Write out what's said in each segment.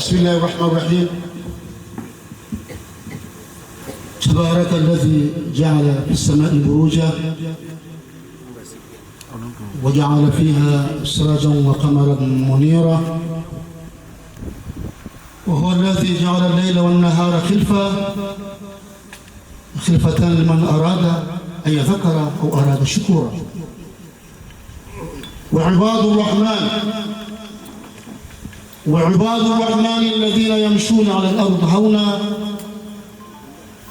بسم الله الرحمن الرحيم تبارك الذي جعل في السماء بروجا وجعل فيها سراجا وقمرا منيرا وهو الذي جعل الليل والنهار خلفة خلفة لمن أراد أن يذكر أو أراد شكورا وعباد الرحمن وعباد الرحمن الذين يمشون على الأرض هونا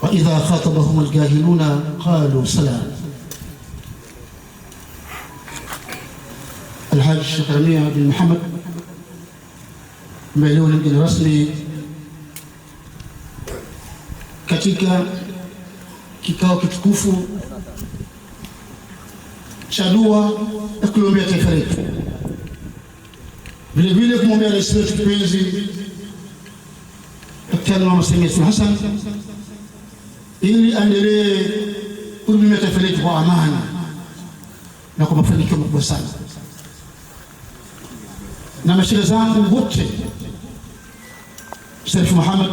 وإذا خاطبهم الجاهلون قالوا سلام الحاج الشيخ رمي بن محمد معلول mgeni rasmi katika kikao kitukufu cha dua vile vile kumwombea rais wetu kipenzi Daktari Mama Samia Suluhu Hassan ili aendelee kuhudumia taifa letu kwa amani na kwa mafanikio makubwa sana. Na mashirika zangu wote, Sharifu Muhammad,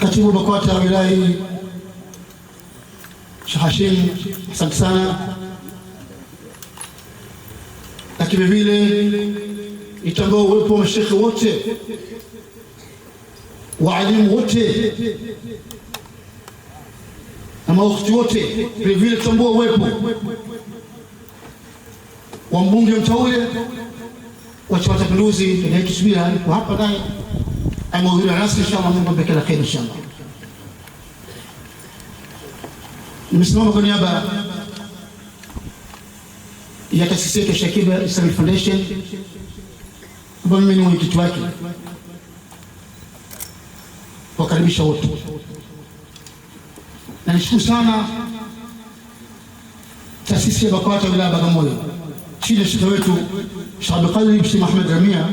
katibu BAKWATA wilaya hii, Sheikh Hashim, asante sana lakini vile itambua uwepo wa mashekhe wote, waalimu wote na mawakti wote, vilevile vile uwepo wa mbunge mtaule wa Chama cha Mapinduzi anayetusubiri alipo hapa, naye amehudhuria rasmi. Inshallah, Mungu ampe kila kheri. Inshallah, nimesimama kwa niaba ya taasisi yetu Shakiba Islamic Foundation ambayo mimi ni mwenyekiti wake, wakaribisha wote na nishukuru sana taasisi ya BAKWATA ya wilaya Bagamoyo chini ya shida wetu Abdulqadir Sheikh Ahmed Ramia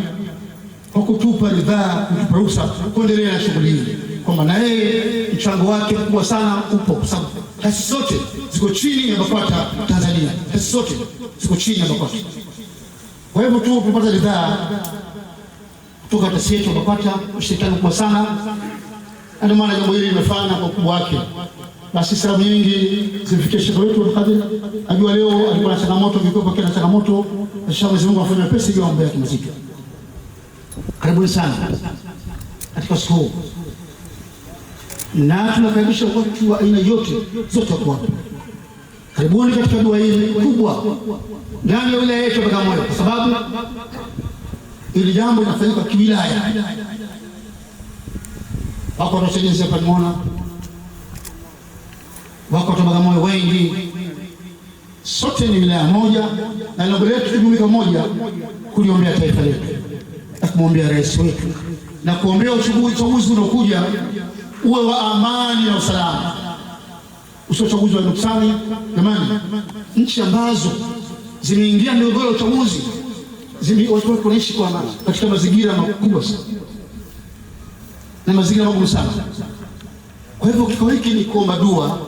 kwa kutupa ridhaa, kutupa ruhusa kuendelea na shughuli hii, kwamba na yeye mchango wake mkubwa sana upo, kwa sababu taasisi zote ziko chini ya BAKWATA Tanzania, taasisi zote ziko chini ya BAKWATA. Kwa hivyo tu tupata ridhaa kutoka taasisi yetu BAKWATA, ushirikiano mkubwa sana, na ndio maana jambo hili limefana kwa ukubwa wake. Basi salamu nyingi zifikie shekhe wetu Abdulkadir, ajua leo alikuwa na changamoto, vikwepo akiwa changamoto, insha Mwenyezi Mungu afanye pesa hiyo, ya mambo Karibuni sana katika siku na tunakaribisha watu wa aina yote zote wako hapa. Karibuni katika dua hii kubwa ndani ya wilaya yetu ya Bagamoyo, kwa sababu ili jambo linafanyika kiwilaya. Wako watu sisi hapa, nimeona wako watu Bagamoyo wengi, sote ni wilaya moja na lengo letu tujumuika moja kuliombea taifa letu na kumwombea rais wetu na kuombea uchaguzi unaokuja uwe wa amani na usalama, usio uchaguzi wa nuksani. Jamani, nchi ambazo zimeingia migogoro ya uchaguzi watu wake wanaishi kwa amani katika mazingira makubwa sana na mazingira magumu sana. Kwa hivyo kikao hiki ni kuomba dua,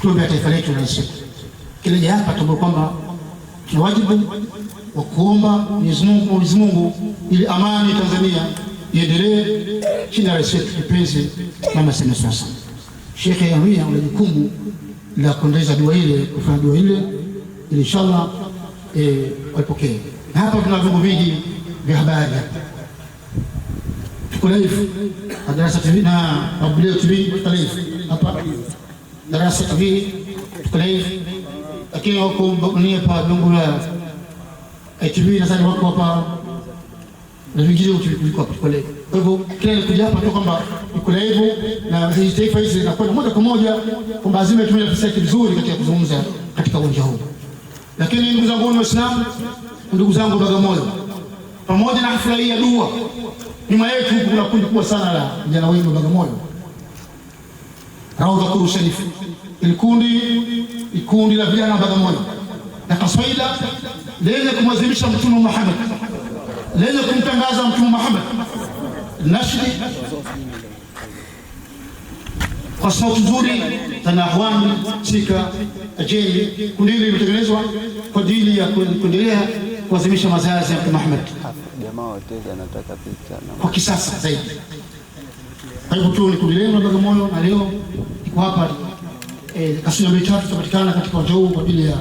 tuombea taifa letu na nchi yetu. hapa tuombe kwamba ni wajibu wa kuomba Mwenyezi Mungu ili amani Tanzania iendelee chini ya rais wetu kipenzi Mama Samia Suluhu Hassan. Shekhe Hamia ana jukumu la kuendeleza dua ile, kufanya dua ile inshallah, eh, walipokee. Na hapa tuna vyombo vingi vya habari hapa, tuko live Darasa TV na Mabulio TV, tuko live hapa Darasa TV, tuko live lakini wako mbagunie pa vyombo vya ITV na sasa wako hapa na vingine ulikuwa pale. Kwa hivyo kila nilikuja hapa tu kwamba uko live na msiji taifa hizi zinakwenda moja kwa moja kwamba lazima itumie nafasi yake vizuri katika kuzungumza katika uwanja huu. Lakini ndugu zangu wa Uislamu, ndugu zangu Bagamoyo, pamoja na hafla hii ya dua, nyuma yetu kuna kundi kubwa sana la vijana wengi wa Bagamoyo, Raudha Kuru Sharifu, ilikundi ikundi la vijana wa Bagamoyo na kaswaida lenye kumwadhimisha Mtume Muhammad lenye kumtangaza Mtume Muhammad nashri kwa sauti nzuri tanahwani katika ajili kundi hili limetengenezwa kwa ajili ya kuendelea kuadhimisha mazazi ya Mtume Muhammad kwa kisasa zaidi. Karibu tu ni kundi lenu Bagamoyo, na leo iko hapa eh, kasumia mbili mitatu itapatikana katika uwanja huu kwa ajili ya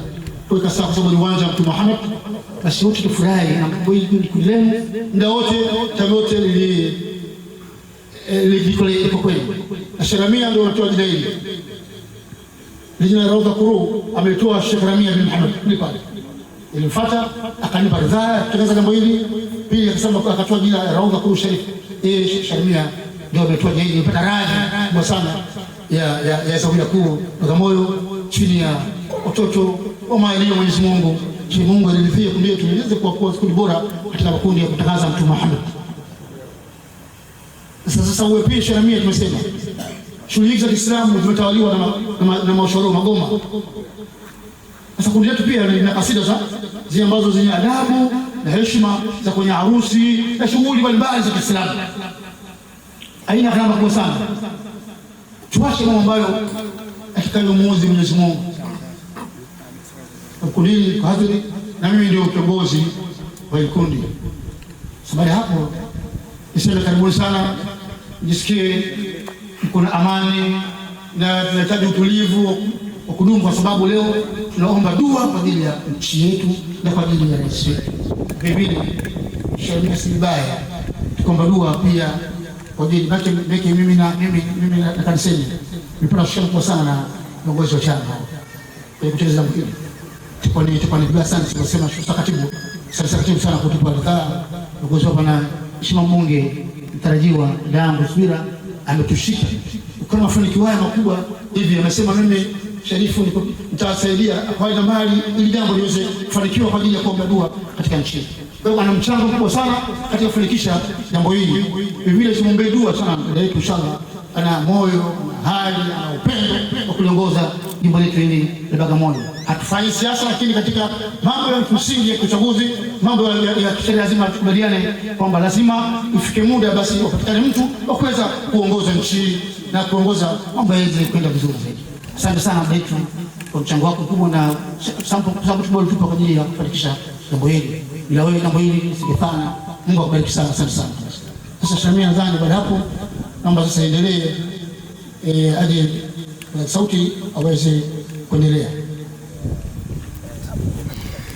kuweka saa kwa sababu ni uwanja wa Mtume Muhammad. Basi wote tufurahi na kulemu muda wote tamote ili wote eh, iko kwenu. Asharamia ndio anatoa jina hili jina la Kuru ametoa Sheikh Ramia bin Muhammad ni pale ilimfuata, akanipa ridhaa kutangaza jambo hili. Pili akasema akatoa jina la Kuru Sharif. Eh, Sheikh Ramia ndio ametoa jina hili, nipata radhi sana ya ya ya Saudia Kuu Bagamoyo chini ya watoto wa maeneo ya Mwenyezi Mungu. Mungu aliridhia kundi letu kwa kuwa kundi bora katika makundi ya kutangaza Mtume Muhammad. Sasa na mimi tumesema shule hizi za Kiislamu zimetawaliwa na mashauri magoma. Sasa kundi letu pia lina kasida za zile ambazo zenye adabu na heshima za kwenye harusi na shughuli mbalimbali za Kiislamu, aina kama kubwa sana. Tuache mambo ambayo atakayomuuzi Mwenyezi Mungu kwa hadhiri na mimi ndio kiongozi wa ikundi. Sabari hapo niseme karibuni sana, jisikie kuna amani na tunahitaji utulivu wa kudumu, kwa sababu leo tunaomba dua kwa ajili ya nchi yetu na kwa ajili ya rais wetu. Vilevile sharia si mbaya, tukaomba dua pia kwa ajili yake. Mimi na mimi mimi na kanisani shukrani kwa sana na viongozi wa chama kwa kucheza mkutano tuko ni tuko ni bila sana tunasema sasa katibu sasa katibu sana kutupa ridhaa ugonjwa bwana mheshimiwa mbunge mtarajiwa Dangu Subira ametushika kwa mafanikio haya makubwa hivi, amesema mimi Sharifu nitawasaidia kwa ile mali ili jambo liweze kufanikiwa kwa ajili ya kuomba dua katika nchi. Kwa hiyo ana mchango mkubwa sana katika kufanikisha jambo hili. Vivile tumuombee dua sana mbele yetu inshallah, ana moyo, ana hali, ana upendo wa kuliongoza jimbo letu hili la Bagamoyo hatufanyi siasa, lakini katika mambo ya msingi ya uchaguzi, mambo ya kisheria lazima tukubaliane kwamba lazima ifike muda basi wapatikane mtu wa kuweza kuongoza nchi na kuongoza mambo yaweze kwenda vizuri zaidi. Asante sana Betu kwa mchango wako mkubwa na sababu tubolitupa kwa ajili ya kufanikisha jambo hili. Bila wewe jambo hili singefana. Mungu akubariki sana, asante sana. Sasa Shamia, nadhani baada hapo naomba sasa endelee eh, hadi sauti aweze kuendelea.